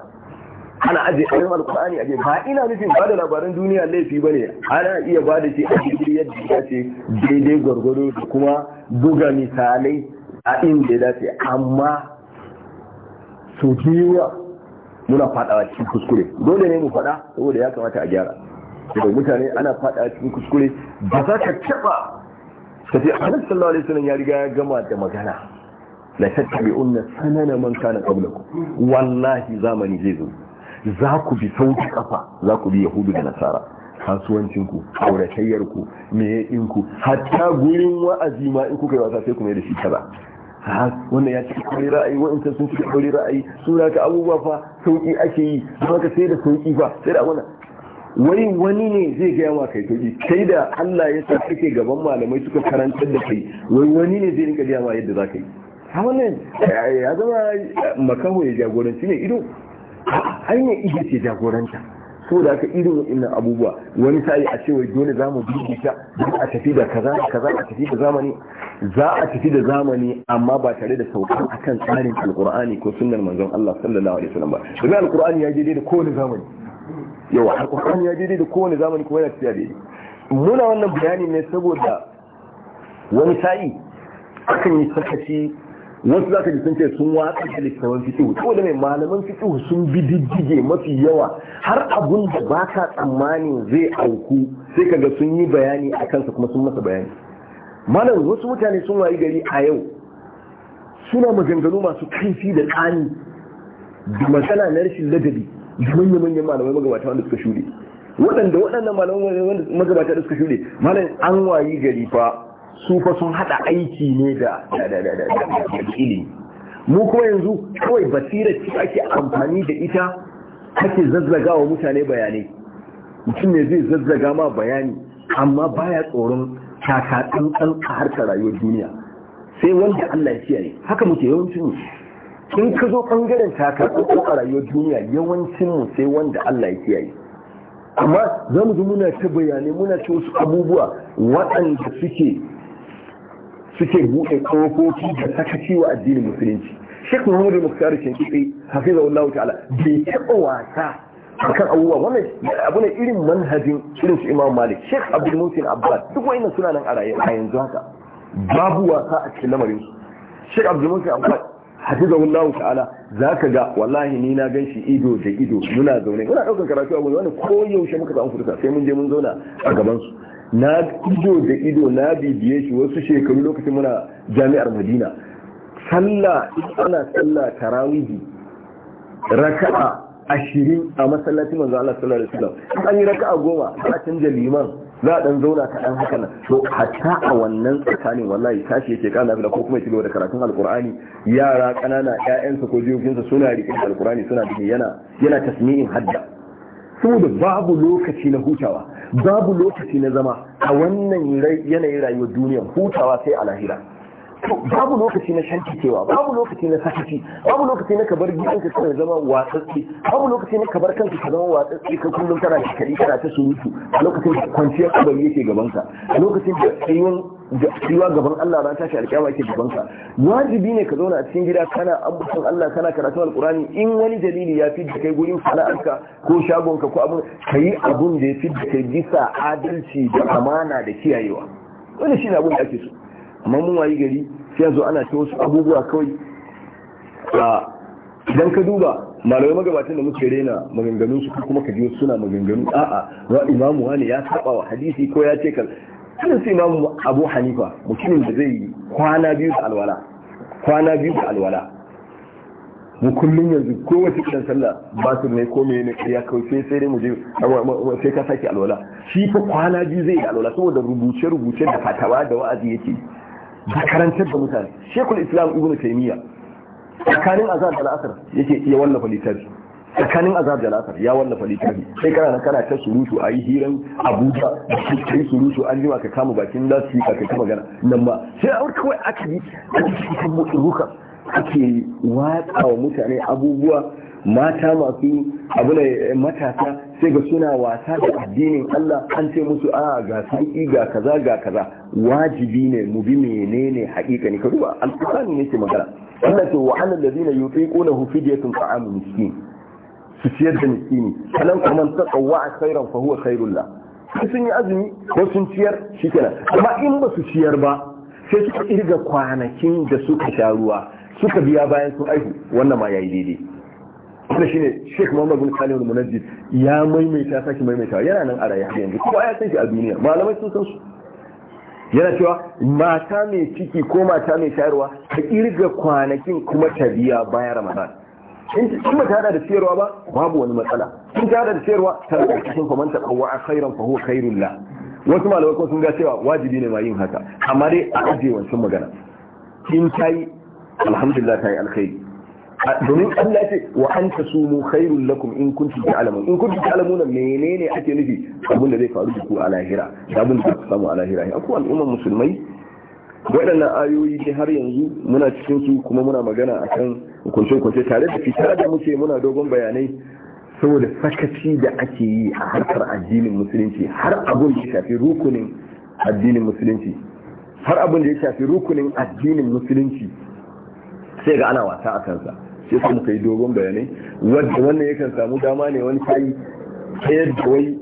Speaker 1: ana aje yin alkur'ani a ba ina nufin ba da labaran duniya laifi ba ne ana iya ba da shi a cikin yadda ya ce daidai gwargwaro da kuma buga misalai a inda ya dace amma su biyu muna fadawa cikin kuskure dole ne mu fada saboda ya kamata a gyara da mutane ana fadawa cikin kuskure ba za ka taba ka ce annabi sallallahu alaihi wasallam ya riga ya gama da magana la tattabi'unna sanana man kana qablakum wallahi zamani zai zo za ku bi sauki kafa za ku bi yahudu da nasara kasuwancinku auratayyarku meyeɗinku hatta gurin wa'azi ma in kuka yi wasa sai kuma da shi kaza wannan ya cika kwari ra'ayi wa'insa sun cika kwari ra'ayi sun ka abubuwa fa sauƙi ake yi don ka sai da sauƙi fa sai da wani wani wani ne zai gaya ma kai sauki kai da Allah ya sa kake gaban malamai suka karantar da kai wai wani ne zai rinka gaya ma yadda za ka yi a wannan ya zama makaho ya jagoranci ne ido hanyar ita ce jagoranta so da aka irin wa'innan abubuwa wani sa'i a cewa dole za mu bibita don a tafi da kaza da kaza a tafi da zamani za a tafi da zamani amma ba tare da saukan akan tsarin alkur'ani ko sunnar manzon Allah sallallahu alaihi wasallam ba domin alkur'ani ya je da kowane zamani yawa alkur'ani ya je da kowane zamani kuma yana tafiya daidai muna wannan bayani ne saboda wani sa'i akan yi sakaci wasu zaka ji sun ce sun watsa da littattafan fiqh da mai malaman fiqh sun bi diddige mafi yawa har abun da ba ka tsammanin zai auku sai kaga sun yi bayani a kansa kuma sun masa bayani malam wasu mutane sun wayi gari a yau suna maganganu masu kaifi da tsani da magana na rashin ladabi da manya-manyan malamai magabata wanda suka shuɗe waɗanda waɗannan malamai magabata da suka shuɗe malam an wayi gari fa su fa sun hada aiki ne da ilimi mu kuma yanzu kawai basirar ci ake amfani da ita ake zazzaga wa mutane bayanai mutum ne zai zazzaga ma bayani amma baya tsoron taka tsantsan a harkar rayuwar duniya sai wanda Allah ya kiyaye haka muke yawancin mu in ka zo bangaren taka tsantsan a rayuwar duniya yawancin mu sai wanda Allah ya kiyaye amma za mu ji muna ta bayanai muna ta wasu abubuwa waɗanda suke suke buɗe kofofi da sakaci wa addinin musulunci Sheikh Muhammad Muktar Shinkiti hafizahullahu ta'ala bai taɓa wasa akan abubuwa wannan abu ne irin manhajin irin su Imam Malik Sheikh Abdul Muhsin Abbas duk wani suna nan a raye a yanzu haka babu wasa a cikin lamarin su Sheikh Abdul Muhsin Abbas hafizahullahu ta'ala zaka ga wallahi ni na ganshi ido da ido muna zaune muna daukan karatu a gurin wani ko yaushe muka samu furta sai mun je mun zauna a gaban su na ido da ido na bibiye shi wasu shekaru lokacin muna jami'ar madina sallah ana sallah tarawihi raka'a ashirin a masallacin manzo Allah sallallahu alaihi wasallam an yi raka'a goma a canja liman za a dan zauna kaɗan haka nan to hatta a wannan tsakanin wallahi tashi yake kana da ko kuma yake da karatun alqur'ani yara kanana ƴaƴansa ko jiyoyinsa suna riƙe alqur'ani suna da yana yana tasmi'in hadda saboda babu lokaci na hutawa babu lokaci na zama a wannan yanayin rayuwar duniyar hutawa sai a lahira babu lokaci na shanticewa babu lokaci na sakaci babu lokaci na kabar gidanka ka zama watsatsi babu lokaci na kabar kanka ka zama watsatsi ka kullum kana shikari kana ta surutu a lokacin da kwanciyar kabari yake gabanka a lokacin da tsayuwar kiwa gaban Allah ta tashi alƙiyama ke gaban ka wajibi ne ka zauna a cikin gida kana ambaton Allah kana karatun alƙurani. in wani dalili ya fi da kai gurin sana'arka ko shagonka ko abun yi abun da ya fi da kai bisa adalci da amana da kiyayewa wani shi ne abun da ake so amma mun wayi gari sai yanzu ana ta wasu abubuwa kawai idan ka duba malamai magabatan da muke rena maganganun su kuma ka ji suna maganganu a'a wa imamu wani ya saba wa hadisi ko ya ce kan irin sai imamu abu hanifa mutumin da zai yi kwana biyu da alwala kwana biyu da alwala mu kullum yanzu ko wace sallah ba su ne ko mene ya kai sai dai mu je sai ka saki alwala shi fa kwana biyu zai yi alwala saboda rubuce rubuce da fatawa da wa'azi yake da karantar da mutane shekul islam ibnu taymiya tsakanin azan da al'asar yake iya wallafa littafi tsakanin azab da lasar ya wallafa littafi sai kana kana ta surutu a yi hiran abuja da kai surutu an jima ka kama bakin za su yi ka ta magana nan ba sai a kawai aka yi a cikin ruka ake watsa wa mutane abubuwa mata masu abu ne eh, matasa sai ga suna wasa da addinin Allah an ce musu a ga sauki ga kaza ga kaza wajibi ne mu bi menene hakika ne ka duba alƙur'ani ne ke magana Allah ce wa hufi ladina yutiquna fidyatun ta'amu miskin su ciyar da miskini Kanan, kaman taqawwa a sairan fahuwa khairul la sun yi azumi ko sun ciyar shikenan amma in ba su ciyar ba sai suka irga kwanakin da suka sha ruwa suka biya bayan sun aihu wannan ma yayi daidai wannan shine Sheikh Muhammad bin Salim al-Munajjid ya maimaita saki maimaita yana nan a raye yanzu kuma ya san shi a duniya malamai sun san su yana cewa mata mai ciki ko mata mai shayarwa ta kirga kwanakin kuma ta biya bayan Ramadan in ta hada da siyarwa ba babu wani matsala in ta hada da siyarwa ta da cikin faman ta kawwa a khairan fa huwa khairul la wasu malamai ko sun ga cewa wajibi ne ma yin haka amma dai a aje wancan magana in ta yi alhamdulillah ta yi alkhairi domin Allah ce wa an tasumu khairul lakum in kuntum ta'lamun in kuntum ta'lamuna menene ake nufi abin da zai faru da ku a lahira da abin da ku samu a lahira akwai al'umman musulmai waɗannan ayoyi ke har yanzu muna cikin su kuma muna magana a kan hukunce-hukunce tare da fita da muke muna dogon bayanai saboda sakaci da ake yi a harkar addinin musulunci har abun da ya shafi rukunin addinin musulunci har abun da ya shafi rukunin addinin musulunci sai ga ana wasa a kansa sai kuma muka yi dogon bayanai wanda wannan yakan samu dama ne wani tayi ta da wai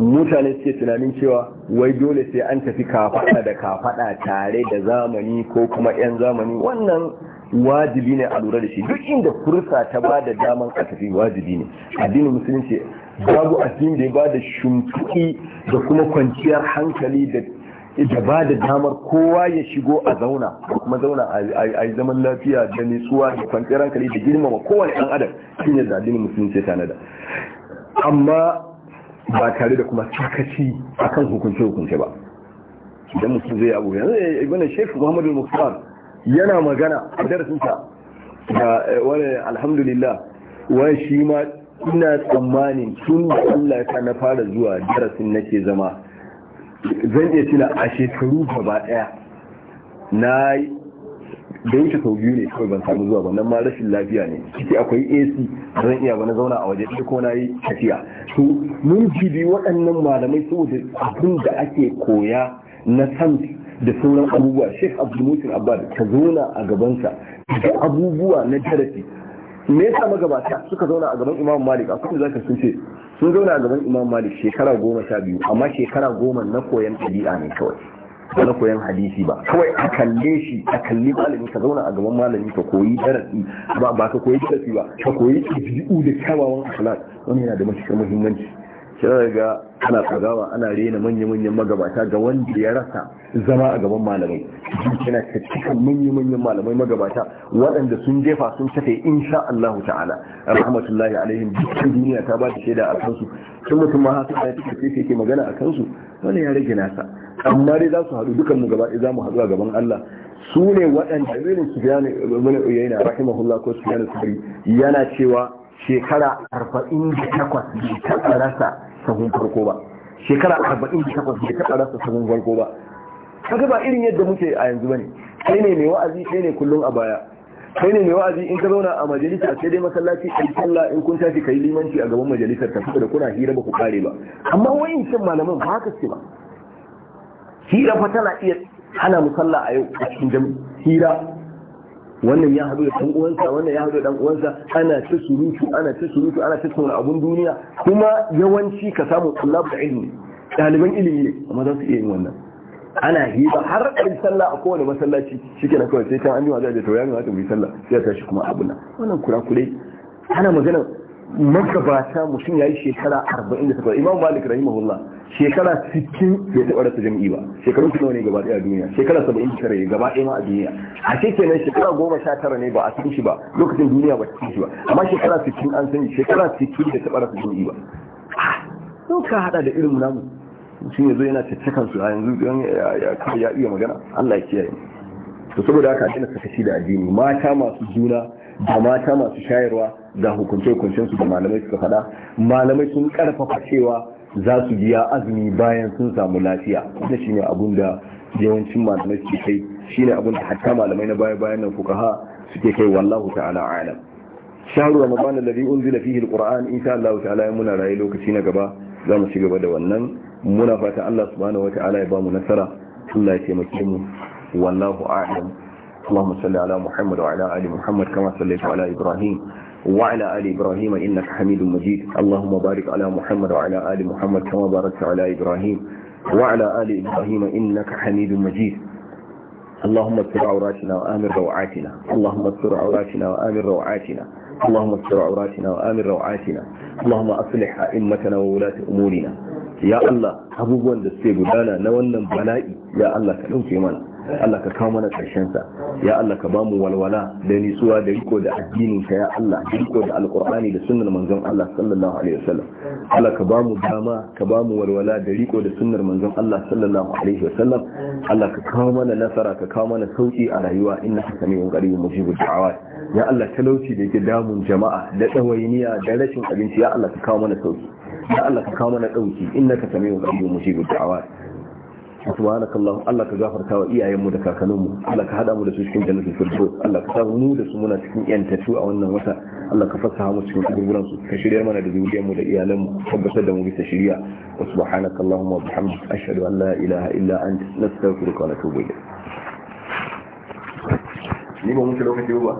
Speaker 1: mutane suke tunanin cewa wai dole sai an tafi kafaɗa da kafaɗa tare da zamani ko kuma 'yan zamani wannan wajibi ne a lura da shi duk inda fursa ta ba da daman a tafi wajibi ne addinin musulunci babu addini da ya ba da shumtuki da kuma kwanciyar hankali da ba da damar kowa ya shigo a zauna kuma zauna a yi zaman lafiya da nisuwa da kwanciyar hankali da girmama kowane ɗan adam shine da addinin musulunci tanada amma ba tare da kuma a kan hukunce hukunce ba idan mutum zai abu yanzu ibn eh, shekaru muhammadu muftar yana magana a darasinta. sa da eh, wani alhamdulillah wani shi ma ina tsammanin tun da Allah ya na fara zuwa darasin nake zama zan iya cina a shekaru gaba daya na da wuce sau biyu ne kawai ban samu zuwa ba ma rashin lafiya ne ciki akwai ac zan iya ba na zauna a waje ko na yi tafiya to mun bi waɗannan malamai saboda abin da ake koya na san da sauran abubuwa sheikh abdulmutin abbad ka zauna a gabansa da abubuwa na darasi me yasa magabata suka zauna a gaban imam malik a kuma zaka sun ce sun zauna a gaban imam malik shekara goma sha biyu amma shekara goma na koyan ɗabi'a ne kawai ba na koyan hadisi ba kawai a kalle shi a kalli malami ka zauna a gaban malami ka koyi darasi ba ka koyi darasi ba ka koyi ɗabi'u da kyawawan akhlaq Wani yana da matuƙar muhimmanci kira ga ana tsagawa ana rena manya-manyan magabata ga wanda ya rasa zama a gaban malamai ka cikin manya-manyan malamai magabata waɗanda sun jefa sun tafe insha Allah ta'ala rahmatullahi alaihim dukkan duniya ta ba da shaida a kansu sun mutum ma haka ya fi kafe yake magana a kansu wani ya rage nasa amma dai za su haɗu dukan mu gaba za mu haɗu a gaban Allah su ne waɗanda irin su gane mana yana rahimahullah ko su gane su yana cewa shekara arba'in da takwas bai taɓa rasa sahun farko ba shekara arba'in da takwas bai taɓa rasa sahun farko ba kaga ba irin yadda muke a yanzu bane kai ne mai wa'azi kai ne kullum a baya kai ne mai wa'azi in ka zauna a majalisa sai dai masallaci in sallah in kun tafi kai limanci a gaban majalisar ta saboda kuna hira ba ku kare ba amma wayin cin malaman ba haka ce ba hira fa tana iya hana musalla a yau a cikin jami'i hira wannan ya haɗu da ɗan uwansa wannan ya haɗu da ɗan uwansa ana ta surutu ana ta surutu ana ta tsora abun duniya kuma yawanci ka samu kullab da ilimi ɗaliban ilimi ne amma za su iya yin wannan ana hiba har ɗari sallah a kowane masallaci shike na kawai sai can an yi wa zai da tauya mai wata mai sallah sai ya tashi kuma na. wannan kurakurai ana magana magabata mutum ya yi shekara arba'in da takwas imam malik rahimahullah shekara sittin bai taɓa rasa jam'i ba shekarun su nawa ne gaba ɗaya a duniya shekara saba'in da tara gaba ɗaya ma a duniya a ce kenan shekara goma sha tara ne ba a san shi ba lokacin duniya ba ta san ba amma shekara sittin an san shekara sittin da taɓa rasa jam'i ba to ah! ka haɗa da irin namu mutum ya zo yana caccakan su a yanzu ya iya magana Allah ya kiyaye to saboda haka a daina sakaci da addini mata masu juna da mata masu shayarwa ga hukunce-hukuncen su da malamai suka faɗa malamai sun karfafa cewa za su biya azumi bayan sun samu lafiya wannan shine abun da yawancin malamai suke kai shine abun da hatta malamai na baya bayan nan ha suke kai wallahu ta'ala alam shahru ramadan alladhi unzila fihi alquran insha Allah ta'ala muna rayu lokaci na gaba za mu ci gaba da wannan muna fata Allah subhanahu wata'ala ya ba mu nasara Allah ya taimake mu wallahu a'lam اللهم صل على محمد وعلى ال محمد كما صليت على ابراهيم وعلى آل إبراهيم إنك حميد مجيد اللهم بارك على محمد وعلى آل محمد كما باركت على إبراهيم وعلى آل إبراهيم إنك حميد مجيد اللهم استر عوراتنا وآمن روعاتنا اللهم استر عوراتنا وآمن روعاتنا اللهم استر عوراتنا وآمن روعاتنا اللهم أصلح أئمتنا وولاة أمورنا ya Allah abubuwan da suke gudana na wannan bala'i ya Allah ka ɗauke mana Allah ka kawo mana ƙarshen sa ya Allah ka bamu walwala da nitsuwa da riko da addinin ka ya Allah da riko da alqur'ani da sunnar manzon Allah sallallahu alaihi wasallam Allah ka bamu dama ka bamu walwala da riko da sunnar manzon Allah sallallahu alaihi wasallam Allah ka kawo mana nasara ka kawo mana sauki a rayuwa innaka samiyun qaribun mujibud da'awat ya Allah talauci da yake damun jama'a da dawainiya da rashin abinci ya Allah ka kawo mana sauki ya Allah ka kawo mana dauki innaka samiyun qaribun mujibud da'awat subhanaka allah allah ka gafarta wa iyayenmu da kakanninmu allah ka hada mu da su cikin jannatul firdaus allah ka sa mu da su muna cikin yantattu a wannan wata allah ka fasaha mu cikin kaburburan su ka shirya mana da zuriyar mu da iyalan mu tabbatar da mu bisa shirya wa subhanaka allahumma wa bihamdika ashhadu an la ilaha illa anta nastaghfiruka wa natubu ilayk ni ba mutu lokaci ba